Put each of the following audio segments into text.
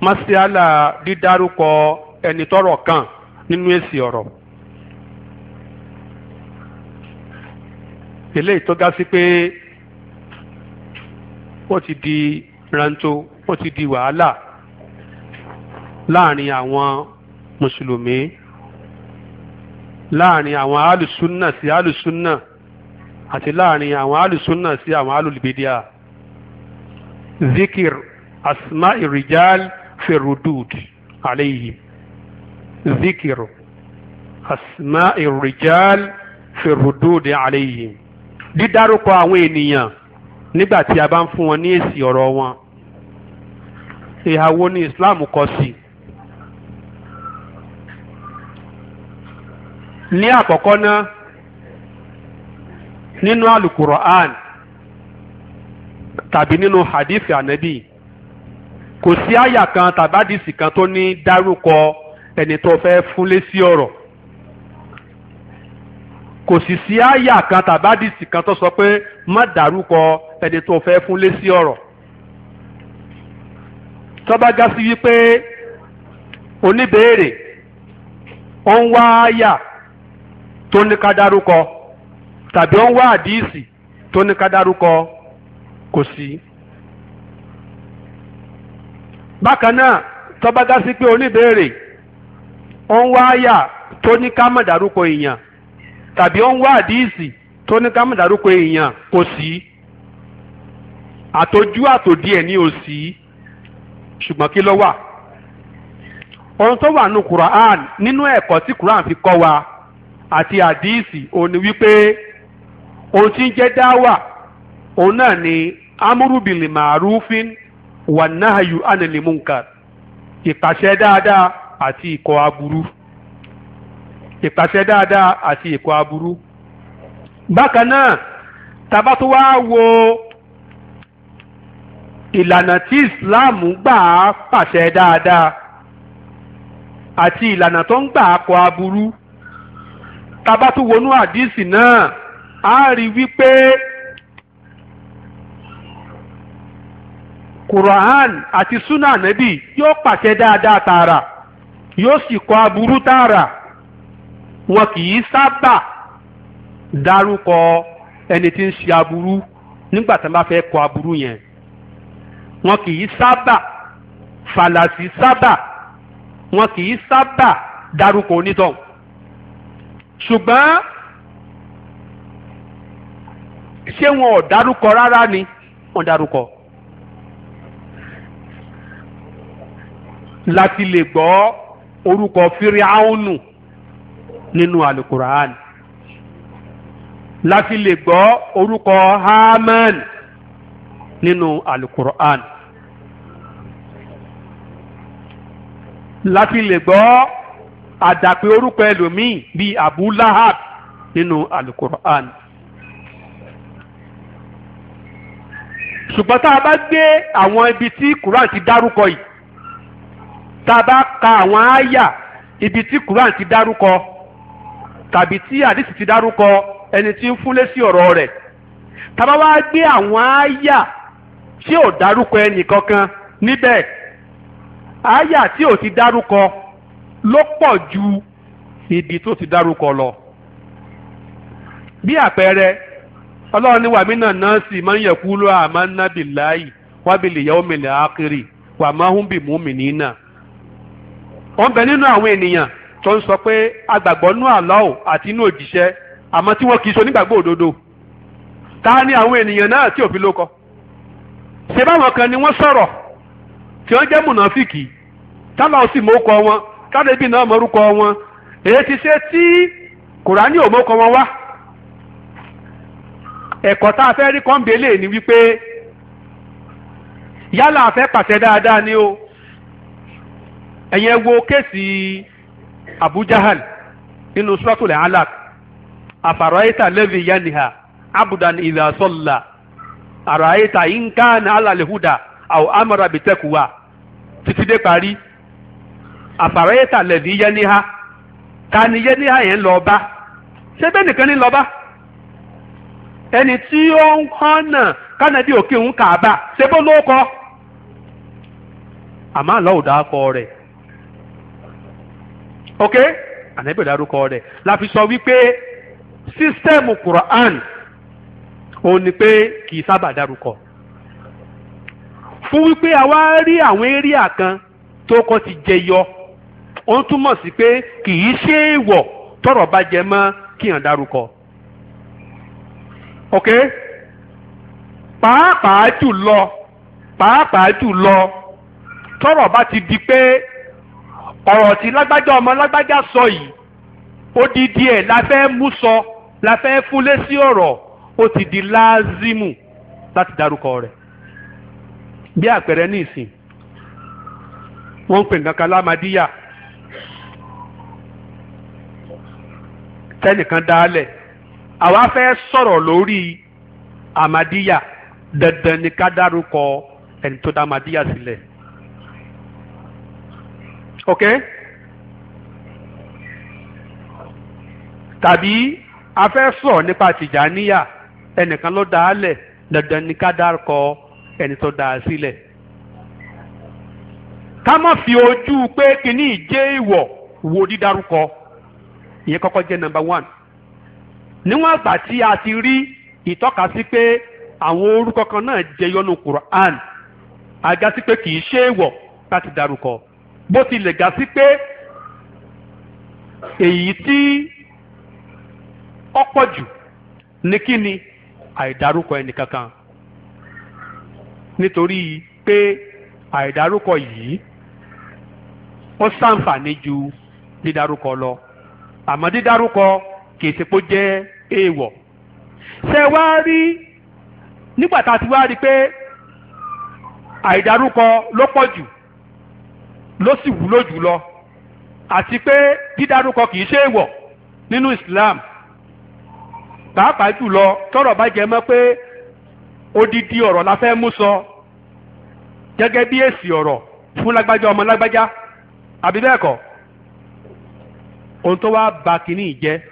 masiala dídárúkọ ẹni tọ́rọ̀ kàn nínú èsì ọ̀rọ̀ eléyìí tó ga sí pé ó ti di ranto ó ti di wàhálà láàrin àwọn mùsùlùmí láàrin àwọn alùsùnà sí alùsùnà àti láàrin àwọn alùsùnà sí àwọn alùlùbídíà zikir asma irijal في الردود عليهم ذكر أسماء الرجال في الردود عليهم dídárúkọ àwọn ènìyàn nígbà tí a bá ń fún wọn ní èsì ọ̀rọ̀ wọn ìhàwó ni Islam kọ sí. ní àkọ́kọ́ náà nínú Al-Qur'an tàbí nínú hadith anabi kò sí àyà kan tàbádìsì kan tó ní dárúkọ ẹni tó fẹ́ fúnlé sí ọ̀rọ̀ kò sí kan tàbádìsì kan tó sọ pé má dárúkọ ẹni tó fẹ́ ọ̀rọ̀ sí wípé oníbèèrè ó ń wá àyà tó ní ká dárúkọ tàbí ó ń wá àdìsì tó ní ká dárúkọ kò bákan náà tọ́ba dá sí pé oníbèrè ó ń wá àyà tó ní ká mọ̀ dárúkọ èèyàn tàbí ó ń wá àdíìsì tó ní ká mọ̀ dárúkọ èèyàn kò sí Quran nínú ẹ̀kọ́ tí Quran fi kọ́ wa àti àdíìsì ni wípé ohun tí ń jẹ́ dáwà ni amúrúbìlì màrúfin wànáhàyù ànàlìmúnkà ìpàṣẹ dáadáa àti ìkọ̀ aburú ìpàṣẹ dáadáa àti ìkọ̀ aburú bákan náà tàbá tó wá wo ìlànà tí Islam gbà á pàṣẹ dáadáa àti ìlànà tó ń gbà á kọ̀ aburú tàbá tó wọnú náà á rí wípé. quran àti sunnah nabi yóò pàṣẹ dáadáa tààrà yóò sì kọ aburú tààrà wọn kì í sábà dárúkọ ẹni tí ń ṣe aburú nígbà tí bá fẹ́ kọ aburú yẹn wọn kì í sábà fàlàsì sábà wọn kì í sábà dárúkọ onítọ̀hún ṣùgbọ́n ṣé wọn ò dárúkọ rárá ni wọn dárúkọ. láti lè gbọ́ orúkọ fíríáhùnù nínú alukur'an láti lè gbọ́ orúkọ haman nínú alukur'an láti lè gbọ́ àdàpé orúkọ ẹlòmíì bíi abu lahab nínú alukur'an. ṣùgbọ́n tá a bá gbé àwọn ibi tí quran ti dárúkọ yìí tá ka àwọn àyà ibi tí Quran ti dárúkọ tàbí tí àdìsí ti dárúkọ ẹni tí ń fúnlé sí ọ̀rọ̀ rẹ̀ tá wá gbé àwọn àyà tí ò dárúkọ ẹnì kankan níbẹ̀ àyà tí ò ti dárúkọ ló pọ̀ ju ibi tó ti dárúkọ lọ bí àpẹẹrẹ ọlọ́run ní wàmí náà náà sì máa ń yẹ̀kú lọ́wọ́ àmọ́ nábìláì wábìlì yẹ́wọ́mìlì àákìrì wàmáhùnbìmùmìnì náà ó ń bẹ nínú àwọn ènìyàn tó ń sọ pé agbàgbọ́ nú àlọ́ọ̀ àti inú òjíṣẹ́ àmọ́ tí wọ́n kì í so nígbàgbọ́ òdodo ta ni àwọn ènìyàn náà tí òfin ló kọ ṣe báwọn kan ni wọ́n sọ̀rọ̀ tí wọ́n jẹ́ sì mọ́kọ wọn tálẹ́bí náà mọ́rúkọ wọn èyí ti ṣe tí kùránì ò mọ́kọ wọn wá ẹ̀kọ́ tá a fẹ́ rí ni wípé yálà a pate pàṣẹ dáadáa ẹ̀yẹn wo kéèsì Abu Jahal nínú suratul alaq àfàràyíta Levi yaniha abudan idha salla àràyíta nǹkan alàlẹ́hùdà àwọn amara bìtẹ́kùwà titi dé parí àfàràyíta lẹ́vì yaniha ta yaniha yẹn lọ bá ṣé bẹ́ẹ̀ nìkan ní lọ bá ẹni tí ó ń hánà kánàdí òkè ń kà á bá ṣe bó ló kọ àmọ́ àlọ́ dáa kọ rẹ̀. ok ànábì dárúkọ rẹ̀ la fi sọ wípé sísítẹ́ẹ̀mù Quran ó ní pé kì í sábà dárúkọ fún wípé a wá rí àwọn éríà kan tó kọ́ ti jẹyọ ó ń túmọ̀ sí pé kì í ṣe èèwọ̀ tọ́rọ̀ bá jẹ mọ́ kí hàn dárúkọ ok pàápàá jùlọ pàápàá jùlọ tọ́rọ̀ bá ti di pé ọ̀rọ̀ tí lágbájá ọmọ lágbájá sọ yìí odidi ẹ̀ la fẹ́ mú sọ la fẹ́ fúnlé sí ọ̀rọ̀ ó ti di láàzímù láti dárúkọ rẹ̀ bí àpẹẹrẹ ní ìsìn wọ́n ń pè nǹkan kan lámadíyà tẹ́nìkan dálẹ̀ àwa fẹ́ sọ̀rọ̀ lórí àmàdíyà dandan ni ká dárúkọ ẹni tó dá àmàdíyà sílẹ̀. Si Ok, tàbí a fẹ́ sọ̀rọ̀ nípa tìjàníyà ẹnìkan ló dá a lẹ̀ dandan ni ká dárúkọ ẹni tó dá a sílẹ̀ ká má fi ojú pé kíní ìjẹ́ ìwọ̀ wo dídárúkọ ìyẹn kọ́kọ́ jẹ́ number one níwọ̀n àgbà tí a ti rí ìtọ́kasí pé àwọn orúkọ kan náà jẹyọ nínú Qur'an àgàtí pé kì ṣe é láti dárúkọ bó tilẹ̀ gà sí pé èyí tí ọ̀pọ̀ jù ní kí ni àìdárúkọ ẹnìkankan nítorí pé àìdárúkọ yìí ó ṣàǹfààní ju dídárúkọ lọ àmọ́ dídárúkọ kìí ṣe pé ó jẹ́ èèwọ̀ ṣe wá rí nígbà tá a ti wá rí pé àìdárúkọ ló pọ̀ jù ló sì wúlò jùlọ àti pé dídárúkọ kì í ṣe èèwọ̀ nínú Islam pàápàá jùlọ tọ́rọ̀ bá jẹ mọ́ pé odidi ọ̀rọ̀ la fẹ́ mú sọ gẹ́gẹ́ bí èsì ọ̀rọ̀ fún lágbájá ọmọ lágbájá àbí bẹ́ẹ̀ kọ́ ohun tó wá ba kínní jẹ́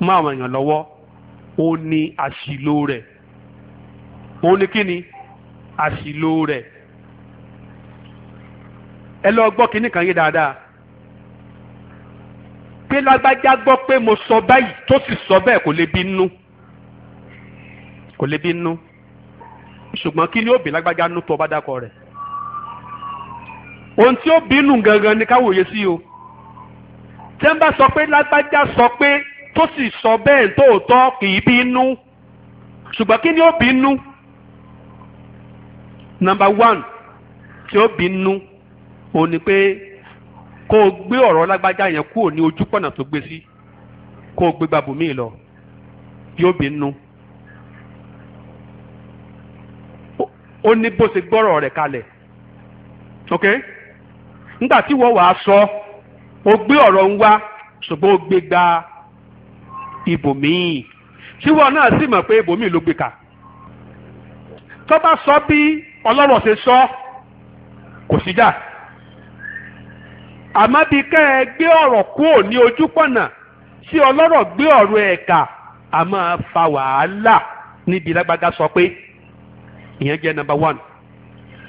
mọ́ àwọn èèyàn lọ́wọ́ ó ní àṣìlò rẹ̀ ó ní kíni àṣìlò rẹ̀ ẹ lọ gbọ́ kinní kan yé dáadáa pé lágbájá gbọ́ pé mo sọ báyìí tó sì sọ bẹ́ẹ̀ kò lè bí nú kò lè bí nú ṣùgbọ́n kí ni ó bí lágbájá nú tó bá dákọ rẹ̀ ohun tí ó bínú gangan ni káwòye sí o tí wọ́n bá sọ pé lágbájá sọ pé tó sì sọ bẹ́ẹ̀ tóòtọ́ kì í bínú ṣùgbọ́n kí ni ó bínú number one tí ó bínú. òun ni pé kó o gbé ọ̀rọ̀ lágbájá yẹn kúrò ní ojúpọ̀nà tó gbé sí kó o gbé gbàbùmí lọ yóò bí nu. ó ní bó ṣe gbọ́rọ̀ rẹ̀ kalẹ̀ ok nígbà tí wọ́n wàá sọ o gbé ọ̀rọ̀ ń wá ṣùgbọ́n o gbé gba ibòmíì tí wọ́n náà sì mọ̀ pé ibòmíì ló gbé ka tó bá sọ bí ọlọ́rọ̀ ṣe sọ kò síjà. àmọ́ bí ká ẹ gbé ọ̀rọ̀ kúrò ní ojúpọ̀nà tí ọlọ́rọ̀ gbé ọ̀rọ̀ máa fa wàhálà níbi sọ pé ìyẹn jẹ́ number one.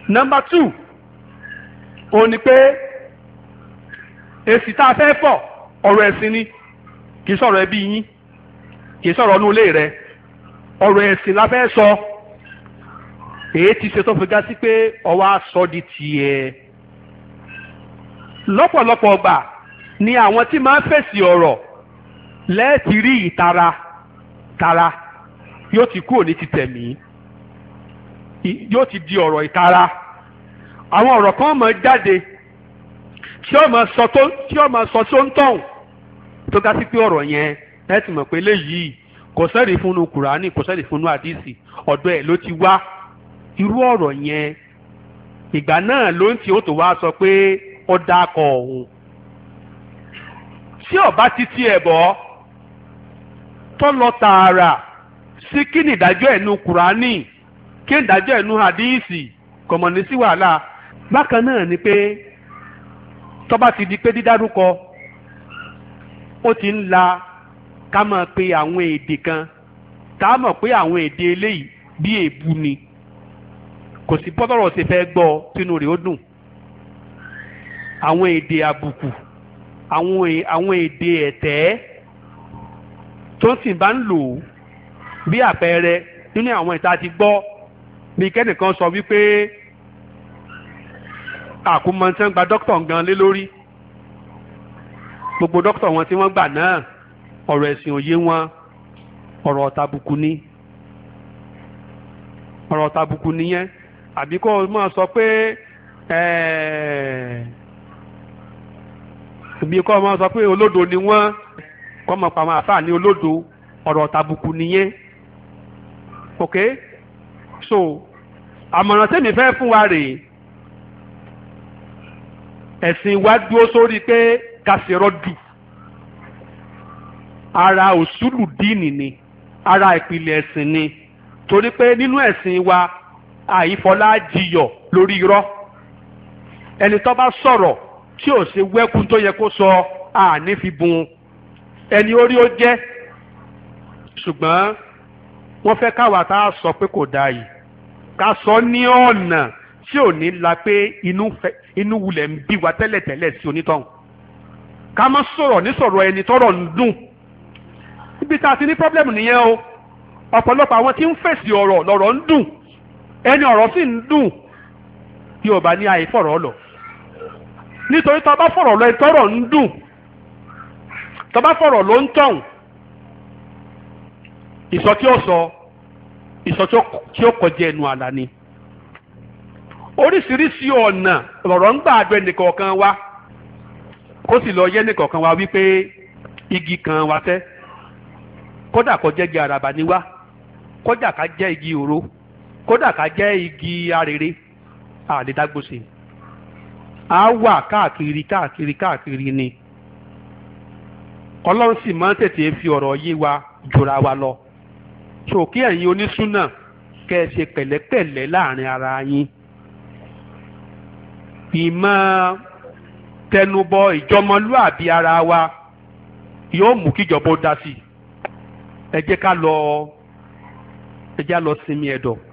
number two òun ni pé èsì tá a fẹ́ fọ̀ ọ̀rọ̀ ẹ̀sìn ni kì í sọ̀rọ̀ ẹbí yín kì í sọ̀rọ̀ rẹ ọ̀rọ̀ ẹ̀sìn la fẹ́ sọ èyí ti ṣe tó fi sí di tiẹ̀. E lọ́pọ̀lọpọ̀ ọgbà ni àwọn tí máa ń fèsì ọ̀rọ̀ lẹ́ẹ̀tì rí ìtara tara yóò ti kúrò ní ti tẹ̀mí yóò ti di ọ̀rọ̀ ìtara àwọn ọ̀rọ̀ kan máa jáde tí ó máa sọ tó tí ó máa sọ tó ń tọ̀hún tó ga sí pé ọ̀rọ̀ yẹn ẹ ti mọ̀ pé léyìí kò sẹ́rìí fúnnu kùránì kò sẹ́rìí fúnnu àdìsí ọ̀dọ̀ ẹ̀ ló ti wá irú ọ̀rọ̀ yẹn ìgbà náà ló ń ti ó tó wá sọ pé ó dákọ̀ òun tí ọba títí ẹ̀ bọ́ tó lọ tààrà sí kí ni ìdájọ́ ẹnu kùránì kí ni ìdájọ́ ẹ̀nu hadíìsì kọ̀mọ̀ ní sí wàhálà bákan náà ni pé tọ́ba ti di pé dídárúkọ ó ti ń la ká máa pe àwọn èdè kan tá a mọ̀ pé àwọn èdè eléyìí bí èébú ni kò sí bọ́tọ̀rọ̀ ṣe fẹ́ gbọ́ sínú rẹ̀ ó dùn. àwọn èdè àbùkù àwọn àwọn èdè ẹ̀tẹ́ tó sì bá ń lò ó bí àpẹẹrẹ nínú àwọn ìta ti gbọ́ bí kẹ́nìkan sọ wípé àkómọ̀tán gba dókítà gan lé lórí gbogbo dókítà wọn tí wọ́n gbà náà ọ̀rọ̀ ẹ̀sìn òye wọn ọ̀rọ̀ ọ̀tàbùkù ni ọ̀rọ̀ ọ̀tàbùkù nìyẹn àbí kó o máa sọ pé ẹ̀ẹ́ bí kọ́ ọmọ sọ pé olódo ni wọ́n kọ́ ọmọ pàmò àfáà ní olódo ọ̀rọ̀ tàbùkù nìyẹn ok so àmọ̀ràn tèmi fẹ́ fún wa rèé ẹ̀sìn wa dúró sórí pé kàṣẹ̀rọ̀ dù ara òṣùlù díìnì ni ara ìpìlẹ̀ ẹ̀sìn ni torí pé nínú ẹ̀sìn wa àìfọlá jiyọ̀ lórí irọ́ ẹni tó bá sọ̀rọ̀ tí ò ṣe wẹ́kùn tó yẹ kó sọ àní fi bun ẹni orí ó jẹ́ ṣùgbọ́n wọ́n fẹ́ káwa tá a sọ pé kò dáa yìí ká sọ ní ọ̀nà tí ò ní la pé inú wulẹ̀ ń bí wa tẹ́lẹ̀tẹ́lẹ̀ sí onítọ̀hún ká má sọ̀rọ̀ nísọ̀rọ̀ ẹni tọ́rọ̀ ń dùn ibi tá a ti ní pọ́blẹ́mù nìyẹn o ọ̀pọ̀lọpọ̀ àwọn tí ń fèsì ọ̀rọ̀ lọ̀rọ̀ ń dùn ẹni ọ̀rọ̀ sì ń dùn bí ò bá ní àìfọ̀rọ̀ lọ. nítorí tó bá fọ̀rọ̀ lọ ìtọ́rọ̀ ń dùn tó bá fọ̀rọ̀ ló ń tọ̀hún ìsọ tí ó sọ ìsọ tí ó kọjá ẹnu àlá ni oríṣiríṣi ọ̀nà lọ̀rọ̀ ń gbà wa kó sì lọ wa wípé igi kan wa fẹ́ kódà kó igi àràbà ni wá kódà ká jẹ́ igi òro kódà ká jẹ́ igi arèrè àlè dágbòsè. á wà káàkiri káàkiri káàkiri ni ọlọ́run sì máa ń tètè fi ọ̀rọ̀ yé wa jura wa lọ ṣòkí ẹ̀yin onísúnà kẹ́ ẹ ṣe pẹ̀lẹ́pẹ̀lẹ́ láàrin ara yín ìmọ̀ tẹnubọ ìjọmọlúàbí ara wa yóò mú kíjọba ó dá sí ẹ jẹ́ ká lọ ẹ jẹ́ lọ sinmi ẹ̀dọ̀.